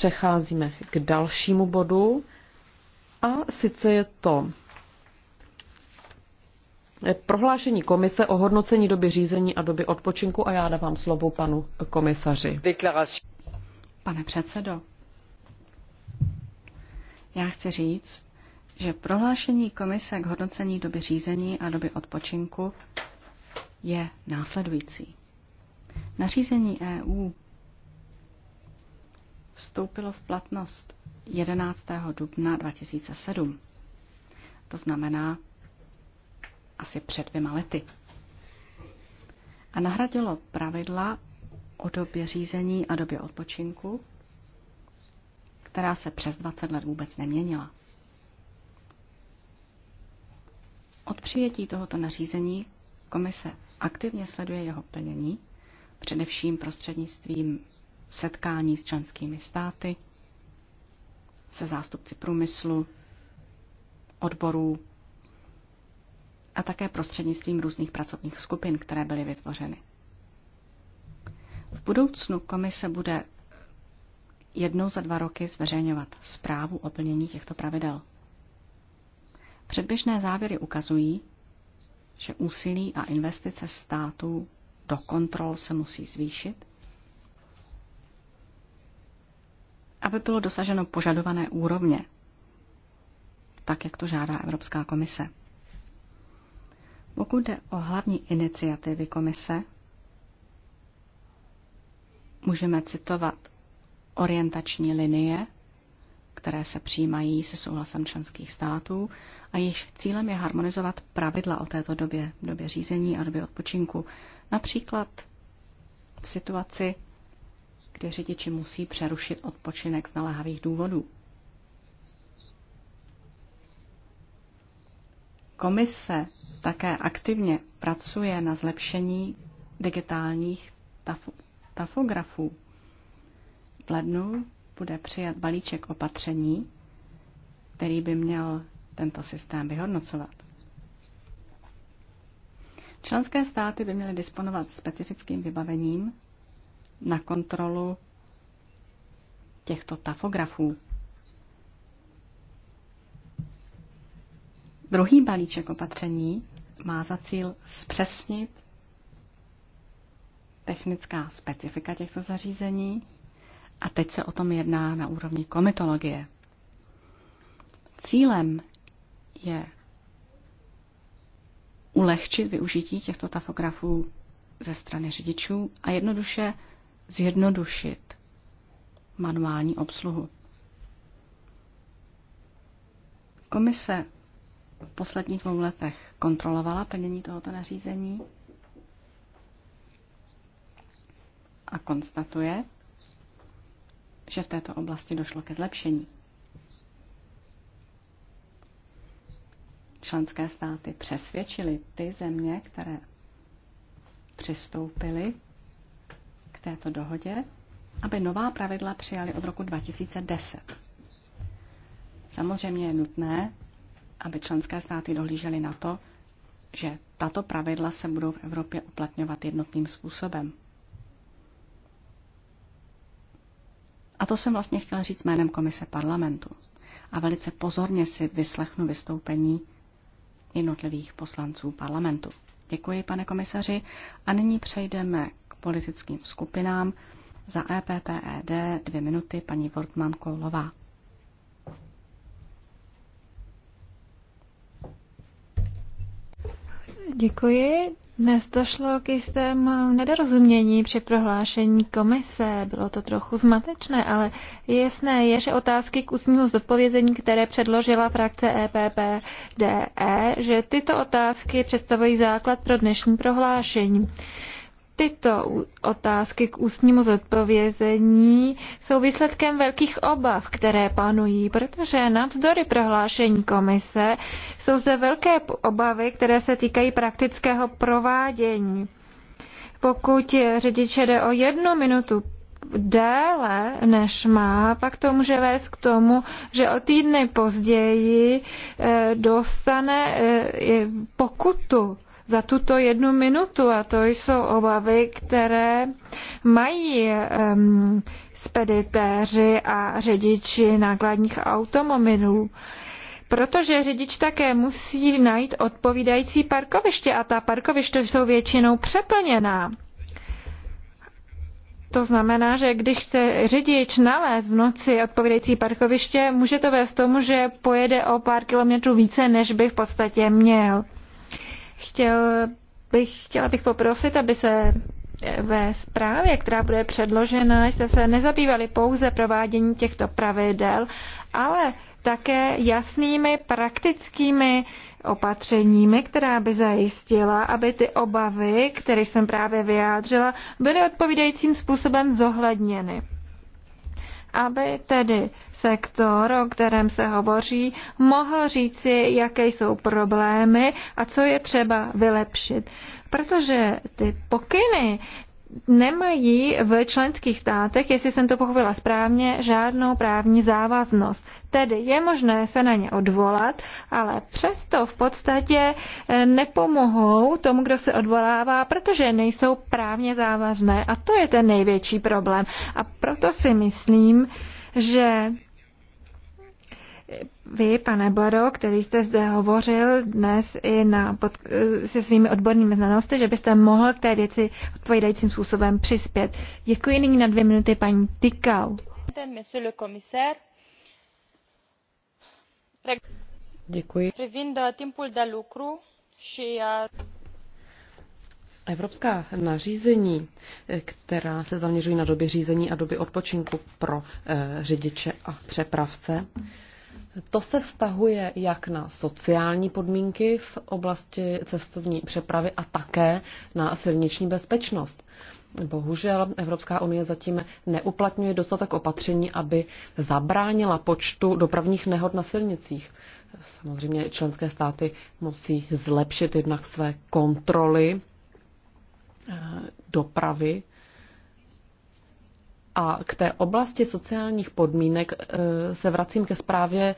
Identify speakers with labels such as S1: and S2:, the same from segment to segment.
S1: přecházíme k dalšímu bodu a sice je to prohlášení komise o hodnocení doby řízení a doby odpočinku a já dávám slovo panu komisaři.
S2: Pane předsedo, já chci říct, že prohlášení komise k hodnocení doby řízení a doby odpočinku je následující. Nařízení EU vstoupilo v platnost 11. dubna 2007. To znamená asi před dvěma lety. A nahradilo pravidla o době řízení a době odpočinku, která se přes 20 let vůbec neměnila. Od přijetí tohoto nařízení komise aktivně sleduje jeho plnění, především prostřednictvím setkání s členskými státy, se zástupci průmyslu, odborů a také prostřednictvím různých pracovních skupin, které byly vytvořeny. V budoucnu komise bude jednou za dva roky zveřejňovat zprávu o plnění těchto pravidel. Předběžné závěry ukazují, že úsilí a investice států do kontrol se musí zvýšit aby bylo dosaženo požadované úrovně, tak jak to žádá Evropská komise. Pokud jde o hlavní iniciativy komise, můžeme citovat orientační linie, které se přijímají se souhlasem členských států a jejich cílem je harmonizovat pravidla o této době, době řízení a době odpočinku. Například v situaci, kdy řidiči musí přerušit odpočinek z naléhavých důvodů. Komise také aktivně pracuje na zlepšení digitálních tafografů. V lednu bude přijat balíček opatření, který by měl tento systém vyhodnocovat. Členské státy by měly disponovat specifickým vybavením na kontrolu těchto tafografů. Druhý balíček opatření má za cíl zpřesnit technická specifika těchto zařízení a teď se o tom jedná na úrovni komitologie. Cílem je ulehčit využití těchto tafografů ze strany řidičů a jednoduše zjednodušit manuální obsluhu. Komise v posledních dvou letech kontrolovala plnění tohoto nařízení a konstatuje, že v této oblasti došlo ke zlepšení. Členské státy přesvědčily ty země, které přistoupily této dohodě, aby nová pravidla přijali od roku 2010. Samozřejmě je nutné, aby členské státy dohlížely na to, že tato pravidla se budou v Evropě uplatňovat jednotným způsobem. A to jsem vlastně chtěl říct jménem Komise parlamentu. A velice pozorně si vyslechnu vystoupení jednotlivých poslanců parlamentu. Děkuji, pane komisaři. A nyní přejdeme politickým skupinám. Za EPPED dvě minuty paní Wortmann Koulová.
S3: Děkuji. Dnes došlo k jistému nedorozumění při prohlášení komise. Bylo to trochu zmatečné, ale jasné je, že otázky k ústnímu zodpovězení, které předložila frakce EPPDE, e, že tyto otázky představují základ pro dnešní prohlášení. Tyto otázky k ústnímu zodpovězení jsou výsledkem velkých obav, které panují, protože navzdory prohlášení komise jsou zde velké obavy, které se týkají praktického provádění. Pokud řidiče jde o jednu minutu déle, než má, pak to může vést k tomu, že o týdny později eh, dostane eh, pokutu za tuto jednu minutu a to jsou obavy, které mají um, speditéři a řidiči nákladních automobilů protože řidič také musí najít odpovídající parkoviště a ta parkoviště jsou většinou přeplněná. To znamená, že když chce řidič nalézt v noci odpovídající parkoviště, může to vést tomu, že pojede o pár kilometrů více, než by v podstatě měl. Chtěl bych, chtěla bych poprosit, aby se eh, ve zprávě, která bude předložena, jste se nezabývali pouze provádění těchto pravidel, ale také jasnými praktickými opatřeními, která by zajistila, aby ty obavy, které jsem právě vyjádřila, byly odpovídajícím způsobem zohledněny aby tedy sektor, o kterém se hovoří, mohl říci, jaké jsou problémy a co je třeba vylepšit. Protože ty pokyny, nemají v členských státech, jestli jsem to pochopila správně, žádnou právní závaznost. Tedy je možné se na ně odvolat, ale přesto v podstatě eh, nepomohou tomu, kdo se odvolává, protože nejsou právně závazné. A to je ten největší problém. A proto si myslím, že vy, pane Baro, který jste zde hovořil dnes i na pod, se svými odbornými znalosti, že byste mohl k té věci odpovídajícím způsobem přispět. Děkuji nyní na dvě minuty paní Tykau. Děkuji. Uh, uh,
S1: Evropská nařízení, eh, která se zaměřují na doby řízení a doby odpočinku pro eh, řidiče a přepravce, to se vztahuje jak na sociální podmínky v oblasti cestovní přepravy a také na silniční bezpečnost. Bohužel Evropská unie zatím neuplatňuje dostatek opatření, aby zabránila počtu dopravních nehod na silnicích. Samozřejmě členské státy musí zlepšit jednak své kontroly eh, dopravy a k té oblasti sociálních podmínek eh, se vracím ke zprávě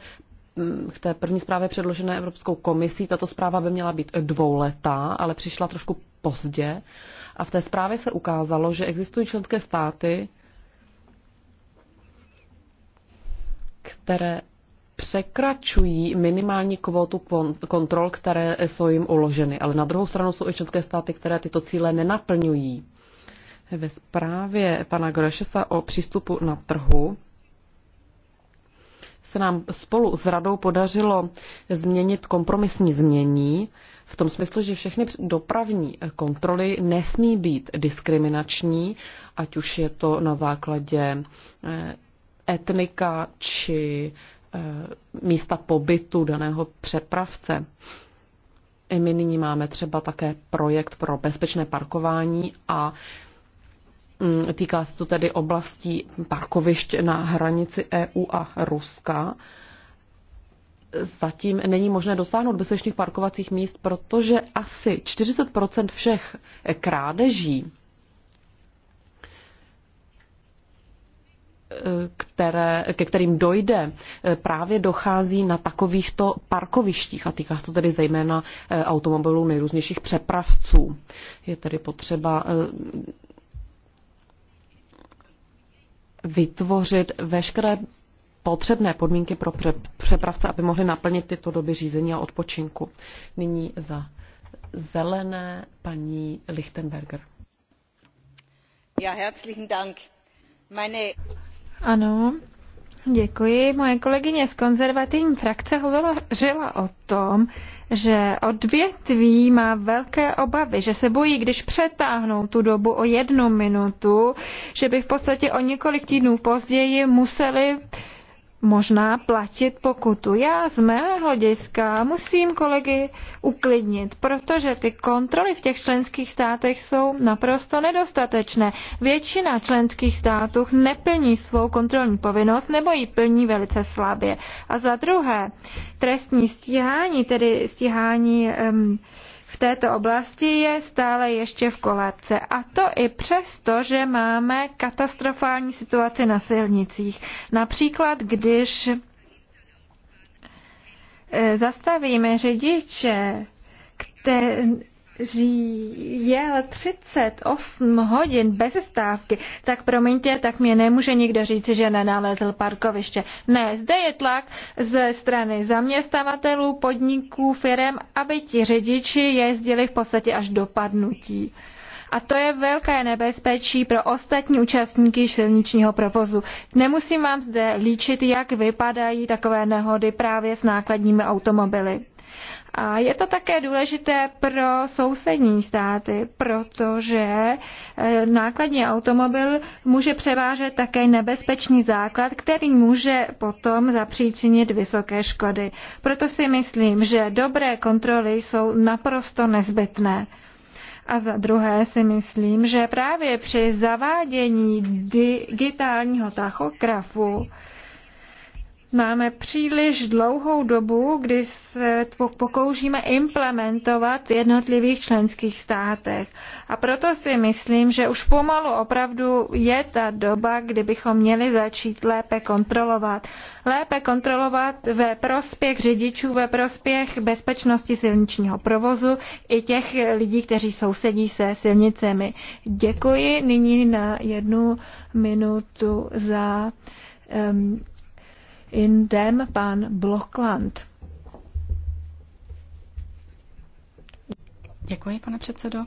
S1: mm, k té první zprávě předložené Evropskou komisí. Tato zpráva by měla být dvouletá, ale přišla trošku pozdě. A v té zprávě se ukázalo, že existují členské státy, které překračují minimální kvotu kontrol, které jsou jim uloženy. Ale na druhou stranu jsou i členské státy, které tyto cíle nenaplňují. Ve zprávě pana Grošesa o přístupu na trhu se nám spolu s radou podařilo změnit kompromisní změní v tom smyslu, že všechny dopravní kontroly nesmí být diskriminační, ať už je to na základě eh, etnika či eh, místa pobytu daného přepravce. I my nyní máme třeba také projekt pro bezpečné parkování a Mm, týká se to tedy oblastí parkovišť na hranici EU a Ruska. Zatím není možné dosáhnout bezpečných parkovacích míst, protože asi 40 všech krádeží, které, ke kterým dojde, právě dochází na takovýchto parkovištích a týká se to tedy zejména eh, automobilů nejrůznějších přepravců. Je tedy potřeba eh, vytvořit veškeré potřebné podmínky pro přepravce, aby mohli naplnit tyto doby řízení a odpočinku. Nyní za zelené
S3: paní Lichtenberger.
S2: Ja, herzlichen Dank. Meine...
S3: Ano, Děkuji. Moje kolegyně z konzervativní frakce hovořila o tom, že odvětví má velké obavy, že se bojí, když přetáhnou tu dobu o jednu minutu, že by v podstatě o několik týdnů později museli uh, možná platit pokutu. Já z mého děska musím kolegy uklidnit, protože ty kontroly v těch členských státech jsou naprosto nedostatečné. Většina členských států neplní svou kontrolní povinnost nebo ji plní velice slabě. A za druhé, trestní stíhání, tedy stíhání um, v této oblasti je stále ještě v kolébce. A to i přesto, že máme katastrofální situaci na silnicích. Například, když eh, zastavíme řidiče, kte, jel 38 hodin bez stávky, tak promiňte, tak mě nemůže nikdo říci, že nenalezl parkoviště. Ne, zde je tlak ze strany zaměstnavatelů, podniků, firm, aby ti řidiči jezdili v podstatě až do padnutí a to je velké nebezpečí pro ostatní účastníky silničního provozu. Nemusím vám zde líčit, jak vypadají takové nehody právě s nákladními automobily. A je to také důležité pro sousední státy, protože eh, nákladní automobil může převážet také nebezpečný základ, který může potom zapříčinit vysoké škody. Proto si myslím, že dobré kontroly jsou naprosto nezbytné. A za druhé si myslím, že právě při zavádění digitálního tachografu máme příliš dlouhou dobu, kdy se pokoušíme implementovat v jednotlivých členských státech. A proto si myslím, že už pomalu opravdu je ta doba, kdy bychom měli začít lépe kontrolovat. Lépe kontrolovat ve prospěch řidičů, ve prospěch bezpečnosti silničního provozu i těch lidí, kteří sousedí se silnicemi. Děkuji nyní na jednu minutu za In dem pan Blokland.
S2: Děkuji, pane předsedo.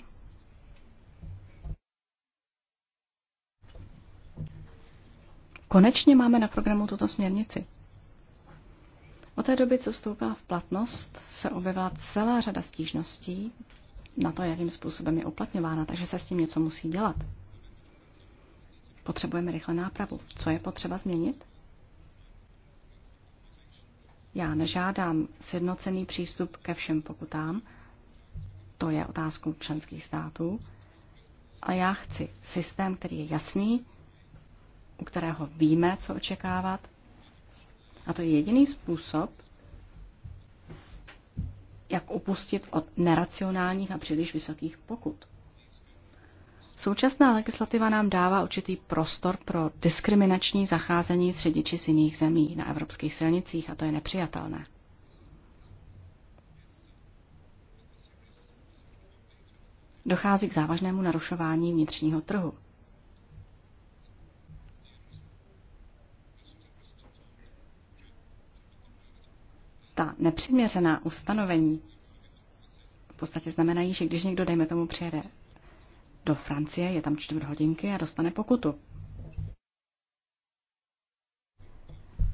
S2: Konečně máme na programu tuto směrnici. Od té doby, co vstoupila v platnost, se objevila celá řada stížností na to, jakým způsobem je uplatňována, takže se s tím něco musí dělat. Potřebujeme rychle nápravu. Co je potřeba změnit? Já nežádám sjednocený přístup ke všem pokutám, to je otázkou členských států, ale já chci systém, který je jasný, u kterého víme, co očekávat. A to je jediný způsob, jak upustit od neracionálních a příliš vysokých pokut. Současná legislativa nám dává určitý prostor pro diskriminační zacházení s řidiči z jiných zemí na evropských silnicích a to je nepřijatelné. Dochází k závažnému narušování vnitřního trhu. Ta nepřiměřená ustanovení v podstatě znamenají, že když někdo, dejme tomu, přijede do Francie, je tam čtvrt hodinky a dostane pokutu.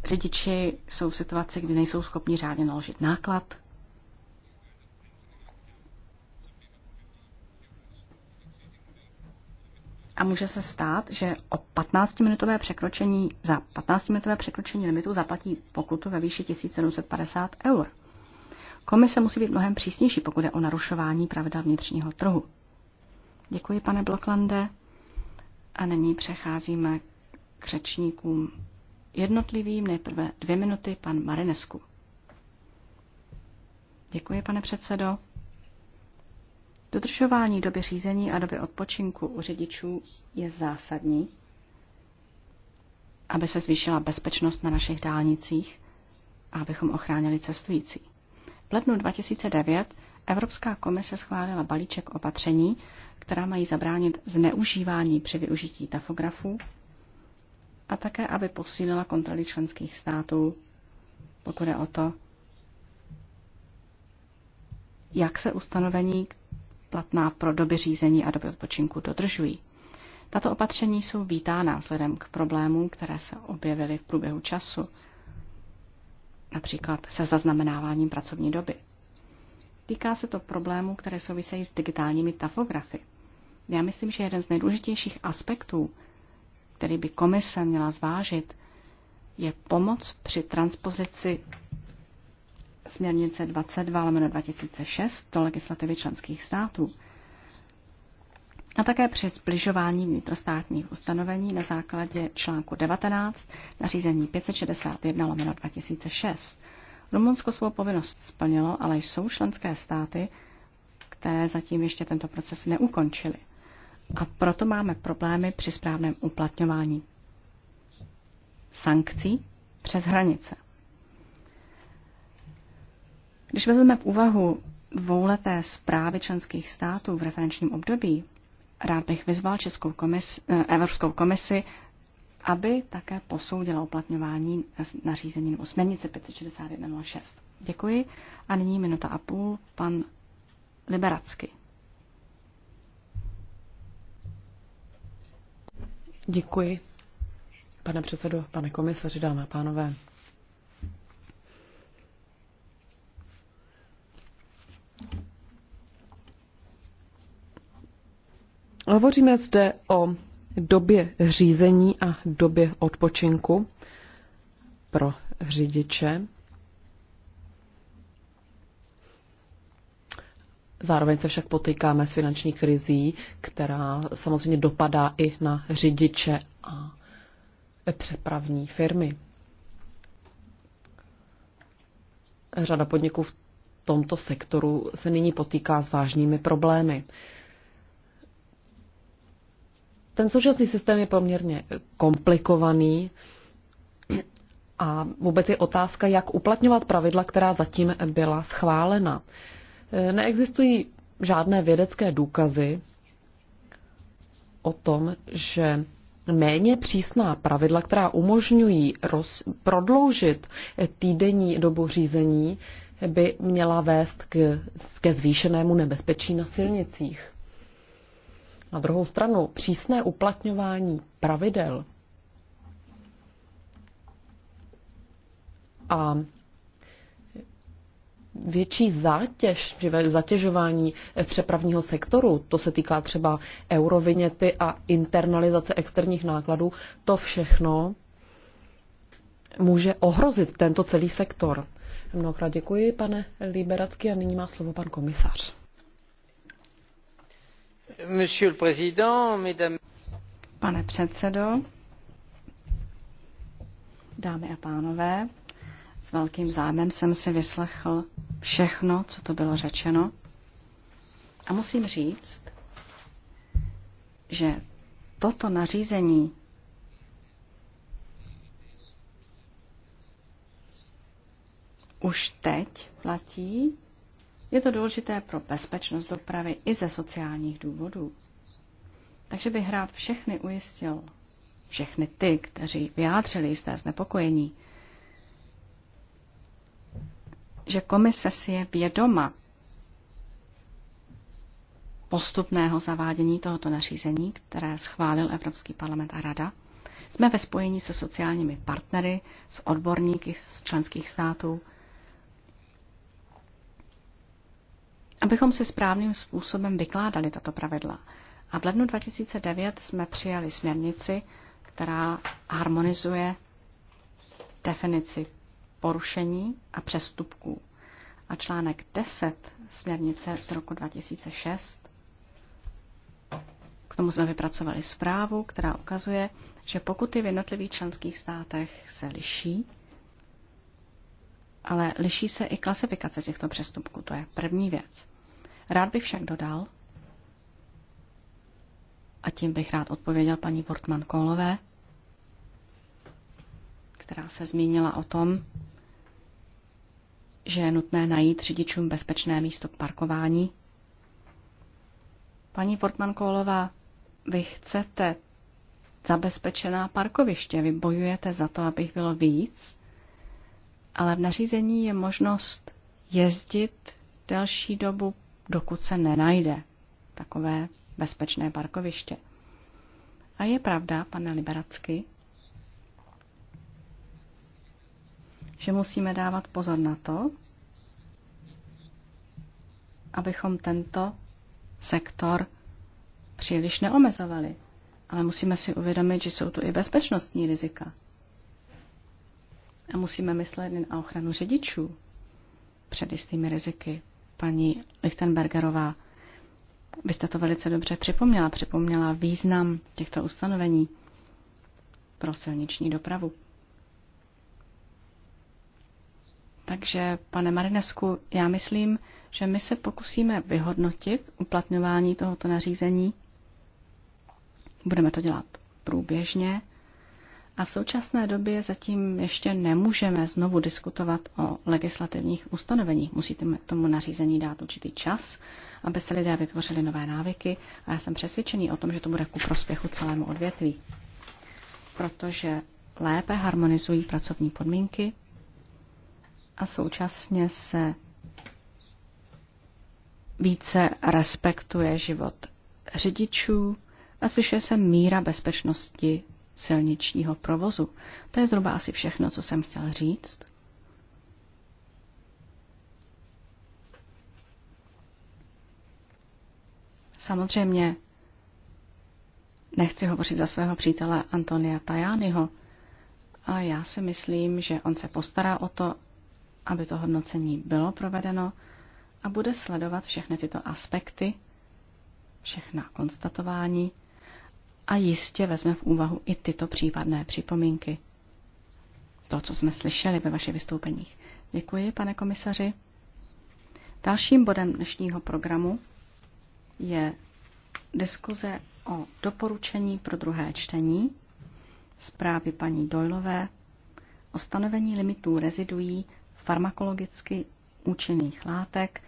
S2: Řidiči jsou v situaci, kdy nejsou schopni řádně naložit náklad. A může se stát, že o 15-minutové překročení, za 15-minutové překročení limitu zaplatí pokutu ve výši 1750 eur. Komise musí být mnohem přísnější, pokud je o narušování pravidel vnitřního trhu. Děkuji, pane Bloklande. A nyní přecházíme k řečníkům jednotlivým. Nejprve dvě minuty, pan Marinesku. Děkuji, pane předsedo. Dodržování doby řízení a doby odpočinku u řidičů je zásadní, aby se zvýšila bezpečnost na našich dálnicích a abychom ochránili cestující. V lednu 2009 Evropská komise schválila balíček opatření, která mají zabránit zneužívání při využití tafografů a také, aby posílila kontroly členských států, pokud je o to, jak se ustanovení platná pro doby řízení a doby odpočinku dodržují. Tato opatření jsou vítána vzhledem k problémům, které se objevily v průběhu času, například se zaznamenáváním pracovní doby. Týká se to problémů, které souvisejí s digitálními tafografy. Já myslím, že jeden z nejdůležitějších aspektů, který by komise měla zvážit, je pomoc při transpozici směrnice 22 2006 do legislativy členských států a také při zbližování vnitrostátních ustanovení na základě článku 19 nařízení 561 2006 Rumunsko svou povinnost splnilo, ale jsou členské státy, které zatím ještě tento proces neukončily. A proto máme problémy při správném uplatňování sankcí přes hranice. Když vezmeme v úvahu dvouleté zprávy členských států v referenčním období, rád bych vyzval Českou komis, eh, Evropskou komisi aby také posoudila uplatňování nařízení nebo směrnice 561.06. Děkuji. A nyní minuta a půl pan Liberacky. Děkuji.
S1: Pane předsedo, pane komisaři, dámy a pánové. Hovoříme zde o době řízení a době odpočinku pro řidiče. Zároveň se však potýkáme s finanční krizí, která samozřejmě dopadá i na řidiče a přepravní firmy. Řada podniků v tomto sektoru se nyní potýká s vážnými problémy. Ten současný systém je poměrně komplikovaný a vůbec je otázka, jak uplatňovat pravidla, která zatím byla schválena. Neexistují žádné vědecké důkazy o tom, že méně přísná pravidla, která umožňují roz, prodloužit týdenní dobu řízení, by měla vést k, ke zvýšenému nebezpečí na silnicích. Na druhou stranu přísné uplatňování pravidel a větší zátěž, zatěžování přepravního sektoru, to se týká třeba eurovinety a internalizace externích nákladů, to všechno může ohrozit tento celý sektor. Mnohokrát děkuji, pane Liberacký, a nyní má slovo pan komisař.
S2: Pane předsedo, dámy a pánové, s velkým zájmem jsem si vyslechl všechno, co to bylo řečeno. A musím říct, že toto nařízení už teď platí je to důležité pro bezpečnost dopravy i ze sociálních důvodů. Takže bych rád všechny ujistil, všechny ty, kteří vyjádřili jisté znepokojení, že komise si je vědoma postupného zavádění tohoto nařízení, které schválil Evropský parlament a Rada. Jsme ve spojení se sociálními partnery, s odborníky z členských států abychom si správným způsobem vykládali tato pravidla. A v lednu 2009 jsme přijali směrnici, která harmonizuje definici porušení a přestupků. A článek 10 směrnice z roku 2006. K tomu jsme vypracovali zprávu, která ukazuje, že pokuty v jednotlivých členských státech se liší, ale liší se i klasifikace těchto přestupků. To je první věc. Rád bych však dodal, a tím bych rád odpověděl paní Portman Kolové, která se zmínila o tom, že je nutné najít řidičům bezpečné místo k parkování. Paní Portman Kolová, vy chcete zabezpečená parkoviště, vy bojujete za to, aby bylo víc, ale v nařízení je možnost jezdit delší dobu dokud se nenajde takové bezpečné parkoviště. A je pravda, pane Liberacky, že musíme dávat pozor na to, abychom tento sektor příliš neomezovali. Ale musíme si uvědomit, že jsou tu i bezpečnostní rizika. A musíme myslet jen na ochranu řidičů před jistými riziky paní Lichtenbergerová. Vy jste to velice dobře připomněla. Připomněla význam těchto ustanovení pro silniční dopravu. Takže, pane Marinesku, já myslím, že my se pokusíme vyhodnotit uplatňování tohoto nařízení. Budeme to dělat průběžně a v současné době zatím ještě nemůžeme znovu diskutovat o legislativních ustanoveních. Musíte tomu nařízení dát určitý čas, aby se lidé vytvořili nové návyky a já jsem přesvědčený o tom, že to bude ku prospěchu celému odvětví. Protože lépe harmonizují pracovní podmínky a současně se více respektuje život řidičů a zvyšuje se míra bezpečnosti silničního provozu. To je zhruba asi všechno, co jsem chtěl říct. Samozřejmě nechci hovořit za svého přítele Antonia Tajányho, ale já si myslím, že on se postará o to, aby to hodnocení bylo provedeno a bude sledovat všechny tyto aspekty, všechna konstatování a jistě vezme v úvahu i tyto případné připomínky. To, co jsme slyšeli ve vašich vystoupeních. Děkuji, pane komisaři. Dalším bodem dnešního programu je diskuze o doporučení pro druhé čtení zprávy paní Dojlové o stanovení limitů reziduí farmakologicky účinných látek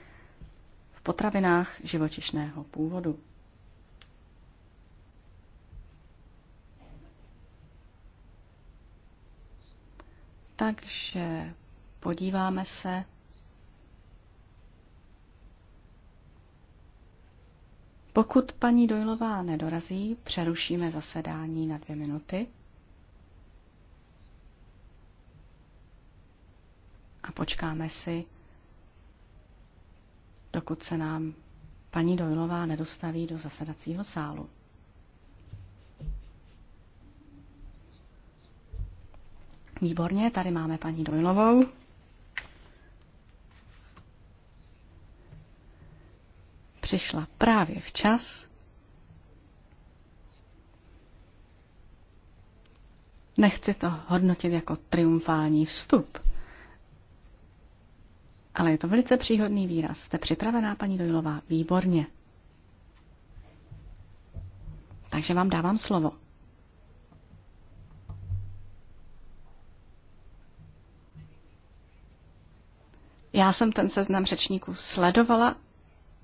S2: v potravinách živočišného původu. Takže podíváme se Pokud paní Dojlová nedorazí, přerušíme zasedání na dvě minuty a počkáme si, dokud se nám paní Dojlová nedostaví do zasedacího sálu. Výborně, tady máme paní Dojlovou. Přišla právě včas. Nechci to hodnotit jako triumfální vstup, ale je to velice příhodný výraz. Jste připravená, paní Dojlová? Výborně. Takže vám dávám slovo. Já jsem ten seznam řečníků sledovala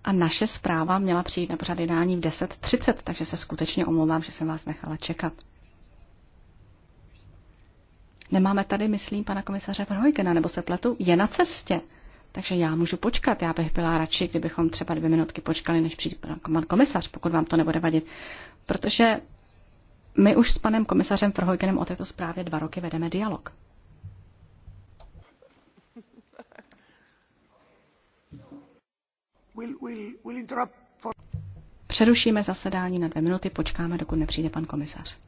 S2: a naše zpráva měla přijít na pořad jednání v 10.30, takže se skutečně omlouvám, že jsem vás nechala čekat. Nemáme tady, myslím, pana komisaře Verhojgena, nebo se pletu, je na cestě. Takže já můžu počkat, já bych byla radši, kdybychom třeba dvě minutky počkali, než přijde pan komisař, pokud vám to nebude vadit. Protože my už s panem komisařem Verhojgenem o této zprávě dva roky vedeme dialog. Přerušíme zasedání na dvě minuty, počkáme, dokud nepřijde pan komisař.